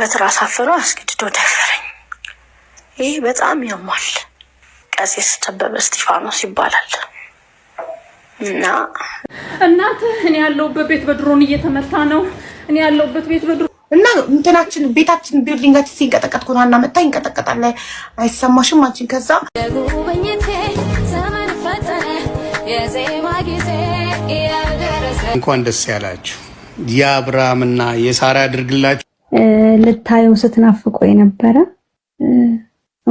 በትር አሳፍሮ አስገድዶ ደፈረኝ። ይህ በጣም ያሟል። ቀሲስ ደበበ እስጢፋኖስ ይባላል። እና እናት እኔ ያለሁበት ቤት በድሮን እየተመታ ነው። እኔ ያለሁበት ቤት በድሮ እና እንትናችን ቤታችን ቢልዲንጋችን ሲንቀጠቀጥ ኮና እና መታ ይንቀጠቀጣል። አይሰማሽም አንቺን ከዛ እንኳን ደስ ያላችሁ የአብርሃምና የሳራ ያድርግላችሁ። ልታየው ስትናፍቆ የነበረ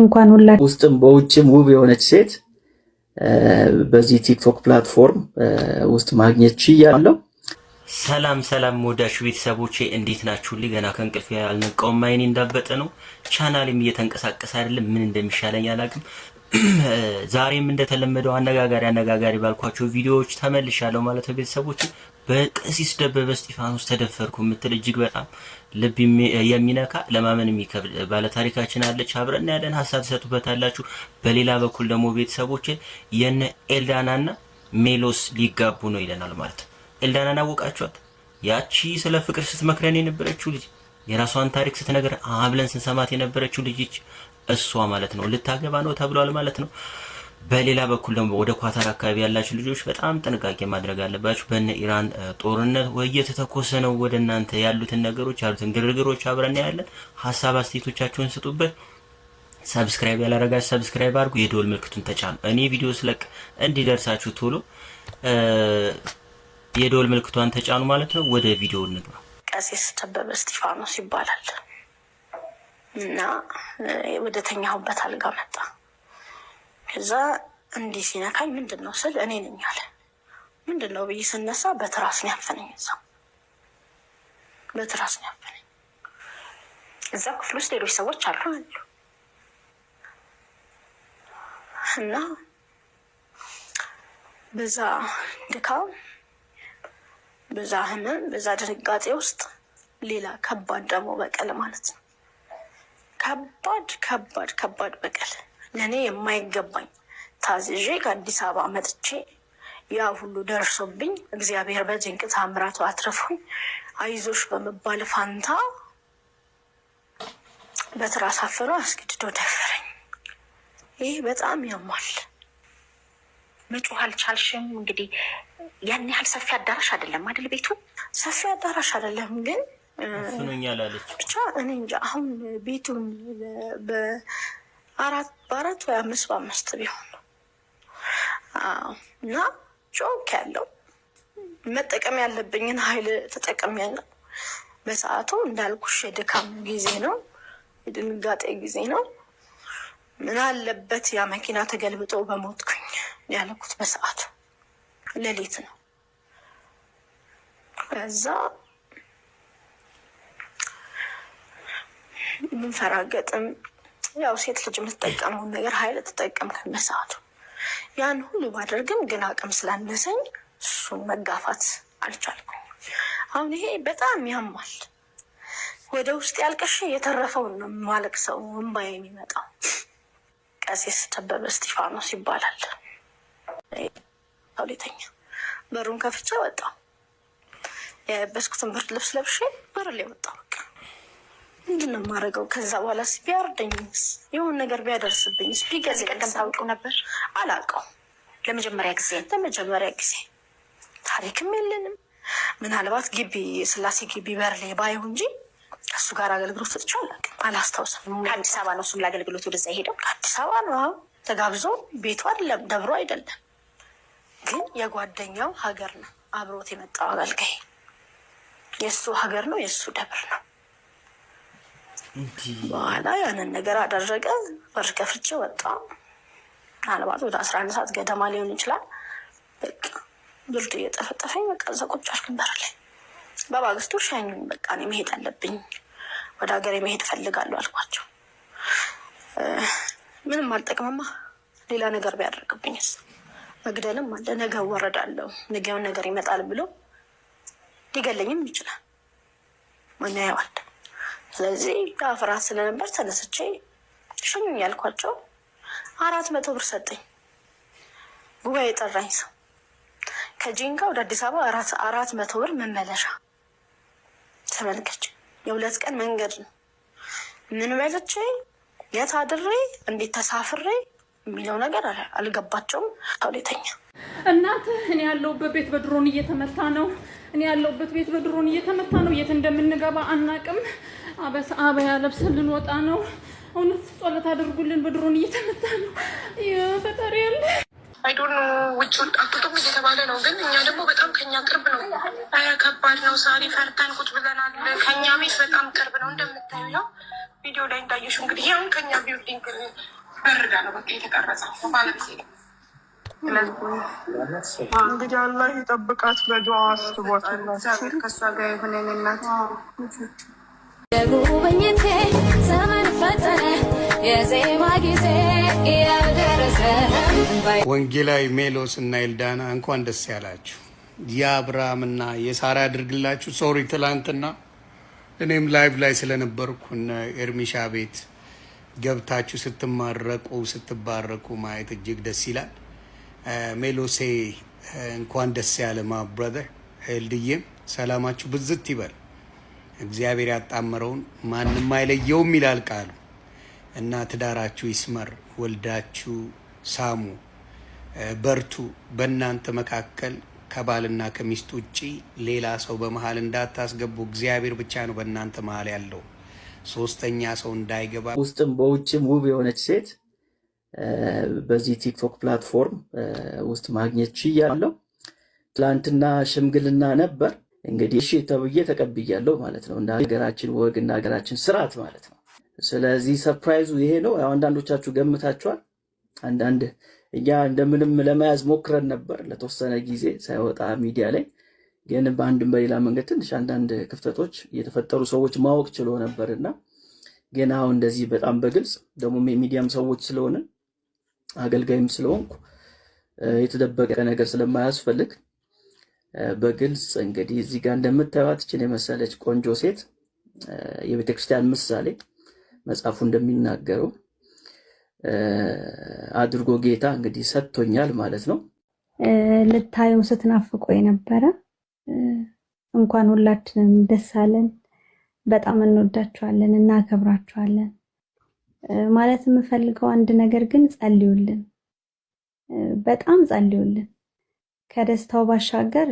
እንኳን ሁላ ውስጥም በውጭም ውብ የሆነች ሴት በዚህ ቲክቶክ ፕላትፎርም ውስጥ ማግኘት ችያለሁ። ሰላም ሰላም፣ ወዳጅ ቤተሰቦቼ እንዴት ናችሁልኝ? ገና ከእንቅልፍ ያልነቃውም አይኔ እንዳበጠ ነው። ቻናልም እየተንቀሳቀሰ አይደለም። ምን እንደሚሻለኝ አላውቅም። ዛሬም እንደተለመደው አነጋጋሪ አነጋጋሪ ባልኳቸው ቪዲዮዎች ተመልሻለሁ ማለት ነው ቤተሰቦቼ በቀሲስ ደበበ እስጢፋኖስ ተደፈርኩ የምትል እጅግ በጣም ልብ የሚነካ ለማመን የሚከብድ ባለታሪካችን አለች። አብረን ያለን ሀሳብ ትሰጡበታላችሁ። በሌላ በኩል ደግሞ ቤተሰቦች የነ ኤልዳናና ሜሎስ ሊጋቡ ነው ይለናል ማለት ነው። ኤልዳናን አወቃችኋት? ያቺ ስለ ፍቅር ስትመክረን የነበረችው ልጅ የራሷን ታሪክ ስትነግር አብለን ስንሰማት የነበረችው ልጅ እሷ ማለት ነው። ልታገባ ነው ተብሏል ማለት ነው። በሌላ በኩል ደግሞ ወደ ኳታር አካባቢ ያላችሁ ልጆች በጣም ጥንቃቄ ማድረግ አለባችሁ። በነ ኢራን ጦርነት እየተተኮሰ ነው። ወደ እናንተ ያሉትን ነገሮች ያሉትን ግርግሮች አብረን ያለን ሀሳብ አስተያየቶቻችሁን ስጡበት። ሰብስክራይብ ያላረጋችሁ ሰብስክራይብ አድርጉ፣ የደወል ምልክቱን ተጫኑ። እኔ ቪዲዮ ስለቅ እንዲደርሳችሁ ቶሎ የደወል ምልክቷን ተጫኑ ማለት ነው። ወደ ቪዲዮ እንግባ። ቀሲስ ደበበ እስጢፋኖስ ይባላል እና ወደተኛሁበት አልጋ መጣ ከዛ እንዲህ ሲነካኝ ምንድን ነው ስል እኔ ነኝ አለ። ምንድን ነው ብዬ ስነሳ በትራስ ነው ያፈነኝ። እዛው በትራስ ነው ያፈነኝ። እዛ ክፍል ውስጥ ሌሎች ሰዎች አሉ አሉ እና በዛ ድካም፣ በዛ ህመም፣ በዛ ድንጋጤ ውስጥ ሌላ ከባድ ደግሞ በቀል ማለት ነው። ከባድ ከባድ ከባድ በቀል ለእኔ የማይገባኝ ታዝዤ ከአዲስ አበባ መጥቼ ያ ሁሉ ደርሶብኝ እግዚአብሔር በድንቅ ታምራቱ አትረፉኝ አይዞሽ በመባል ፋንታ በትር አሳፍኖ አስገድዶ ደፈረኝ። ይህ በጣም ያሟል። መጮህ አልቻልሽም? እንግዲህ ያን ያህል ሰፊ አዳራሽ አይደለም አይደል? ቤቱ ሰፊ አዳራሽ አይደለም ግን ብቻ እኔ እንጃ አሁን ቤቱን አራት በአራት ወይ አምስት በአምስት ቢሆን እና ጮክ ያለው መጠቀም ያለብኝን ኃይል ተጠቀም ያለው በሰዓቱ እንዳልኩሽ የድካም ጊዜ ነው፣ የድንጋጤ ጊዜ ነው። ምን አለበት ያ መኪና ተገልብጦ በሞትኩኝ ያለኩት በሰዓቱ ሌሊት ነው። ከዛ ምንፈራገጥም ያው ሴት ልጅ የምትጠቀመውን ነገር ሀይል ትጠቀም ከመሰአቱ ያን ሁሉ ባደርግም ግን አቅም ስላነሰኝ እሱን መጋፋት አልቻልኩም። አሁን ይሄ በጣም ያማል። ወደ ውስጥ ያልቀሽ የተረፈውን ነው ማለቅ ሰው እንባ የሚመጣው ቀሲስ ደበበ እስጢፋኖስ ይባላል። ሁለተኛ በሩን ከፍቼ ወጣሁ። የለበስኩትን ብርድ ልብስ ለብሼ በር ላይ ወጣሁ። ምንድን ነው የማደርገው? ከዛ በኋላ ቢያርደኝስ የሆን ነገር ቢያደርስብኝስ ቢገዝ ቀደም ታውቁ ነበር? አላውቀው። ለመጀመሪያ ጊዜ ለመጀመሪያ ጊዜ ታሪክም የለንም። ምናልባት ግቢ ስላሴ ግቢ በርሌ ባይሁ እንጂ ከእሱ ጋር አገልግሎት ሰጥቼ አላውቅም፣ አላስታውስም። ከአዲስ አበባ ነው እሱም ለአገልግሎት ወደዛ ሄደው ከአዲስ አበባ ነው። አሁን ተጋብዞ ቤቱ አይደለም ደብሮ አይደለም ግን የጓደኛው ሀገር ነው አብሮት የመጣው አገልጋይ የእሱ ሀገር ነው የእሱ ደብር ነው። በኋላ ያንን ነገር አደረገ። በር ከፍቼ ወጣ። ምናልባት ወደ አስራ አንድ ሰዓት ገደማ ሊሆን ይችላል። በቃ ብርድ እየጠፈጠፈኝ በቃ እዛ ቁጭ አልኩኝ በር ላይ። በማግስቱ ሻኙኝ። በቃ እኔ መሄድ አለብኝ ወደ ሀገሬ መሄድ እፈልጋለሁ አልኳቸው። ምንም አልጠቅምማ ሌላ ነገር ቢያደርግብኝስ መግደልም አለ ነገ ወረዳለሁ ነገውን ነገር ይመጣል ብሎ ሊገለኝም ይችላል። ማን ያየዋል? ስለዚህ አፍራት ስለነበር ተነስቼ ሸኙኝ ያልኳቸው አራት መቶ ብር ሰጠኝ። ጉባኤ የጠራኝ ሰው ከጂንጋ ወደ አዲስ አበባ አራት መቶ ብር መመለሻ። ተመልከች፣ የሁለት ቀን መንገድ ነው። ምን በልቼ የት አድሬ እንዴት ተሳፍሬ የሚለው ነገር አልገባቸውም። ተውሌተኛ እናት እኔ ያለሁበት ቤት በድሮን እየተመታ ነው። እኔ ያለሁበት ቤት በድሮን እየተመታ ነው። የት እንደምንገባ አናቅም። አበስ አበያ ለብሰን ልንወጣ ነው። እውነት ጸሎት አድርጉልን። በድሮን እየተመታ ነው። ፈጣሪ ያለ አይዶን ውጭ ወጣቱም እየተባለ ነው። ግን እኛ ደግሞ በጣም ከኛ ቅርብ ነው። ኧረ ከባድ ነው። ሳሪ ፈርተን ቁጭ ብለናል። ከኛ ቤት በጣም ቅርብ ነው። እንደምታዩ ነው ቪዲዮ ላይ እንዳየሹ እንግዲህ ያን ከኛ ቢልዲንግ በርዳ ነው በቃ የተቀረጸው ማለት ነው። እንግዲህ አላህ ይጠብቃት። በዱዓ አስቧት ከእሷ ጋር እናት ዘመን ፈጠነ የዜማ ጊዜ ወንጌላዊ ሜሎስ እና ኤልዳና እንኳን ደስ ያላችሁ። የአብርሃምና የሳራ ያድርግላችሁ። ሶሪ ትላንትና እኔም ላይቭ ላይ ስለነበርኩ እነ ኤርሚሻ ቤት ገብታችሁ ስትማረቁ ስትባረቁ ማየት እጅግ ደስ ይላል። ሜሎሴ እንኳን ደስ ያለ ማ ብረደር ህልድዬም ሰላማችሁ ብዝት ይበል። እግዚአብሔር ያጣመረውን ማንም አይለየውም ይላል ቃሉ እና ትዳራችሁ ይስመር፣ ወልዳችሁ ሳሙ፣ በርቱ። በእናንተ መካከል ከባልና ከሚስት ውጪ ሌላ ሰው በመሀል እንዳታስገቡ። እግዚአብሔር ብቻ ነው በእናንተ መሀል ያለው ሶስተኛ ሰው እንዳይገባ። ውስጥም በውጭም ውብ የሆነች ሴት በዚህ ቲክቶክ ፕላትፎርም ውስጥ ማግኘት ችያለሁ። ትላንትና ሽምግልና ነበር እንግዲህ እሺ ተብዬ ተቀብያለሁ ማለት ነው። እና ሀገራችን ወግ እና ሀገራችን ስርዓት ማለት ነው። ስለዚህ ሰርፕራይዙ ይሄ ነው። አንዳንዶቻችሁ ገምታችኋል። አንዳንድ እኛ እንደምንም ለመያዝ ሞክረን ነበር ለተወሰነ ጊዜ ሳይወጣ ሚዲያ ላይ ግን በአንድም በሌላ መንገድ ትንሽ አንዳንድ ክፍተቶች የተፈጠሩ ሰዎች ማወቅ ችሎ ነበር እና ግን አሁን እንደዚህ በጣም በግልጽ ደግሞ የሚዲያም ሰዎች ስለሆነን አገልጋይም ስለሆንኩ የተደበቀ ነገር ስለማያስፈልግ በግልጽ እንግዲህ እዚህ ጋር እንደምታዩት ይችን የመሰለች ቆንጆ ሴት የቤተክርስቲያን ምሳሌ መጽሐፉ እንደሚናገረው አድርጎ ጌታ እንግዲህ ሰጥቶኛል ማለት ነው። ልታየው ስትናፍቆ የነበረ እንኳን ሁላችንም ደስ አለን። በጣም እንወዳችኋለን፣ እናከብራችኋለን። ማለት የምፈልገው አንድ ነገር ግን ጸልዩልን፣ በጣም ጸልዩልን። ከደስታው ባሻገር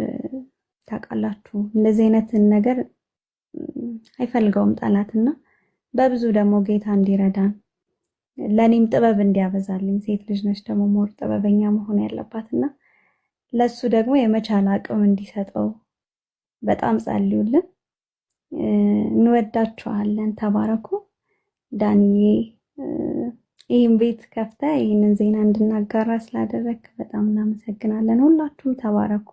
ታውቃላችሁ እንደዚህ አይነትን ነገር አይፈልገውም ጠላትና በብዙ ደግሞ ጌታ እንዲረዳን ለእኔም ጥበብ እንዲያበዛልኝ ሴት ልጅ ነች ደግሞ ሞር ጥበበኛ መሆን ያለባትና ለሱ ደግሞ የመቻል አቅም እንዲሰጠው በጣም ጸልዩልን። እንወዳችኋለን። ተባረኩ ዳንዬ ይህን ቤት ከፍተ ይህንን ዜና እንድናጋራ ስላደረግክ በጣም እናመሰግናለን። ሁላችሁም ተባረኩ።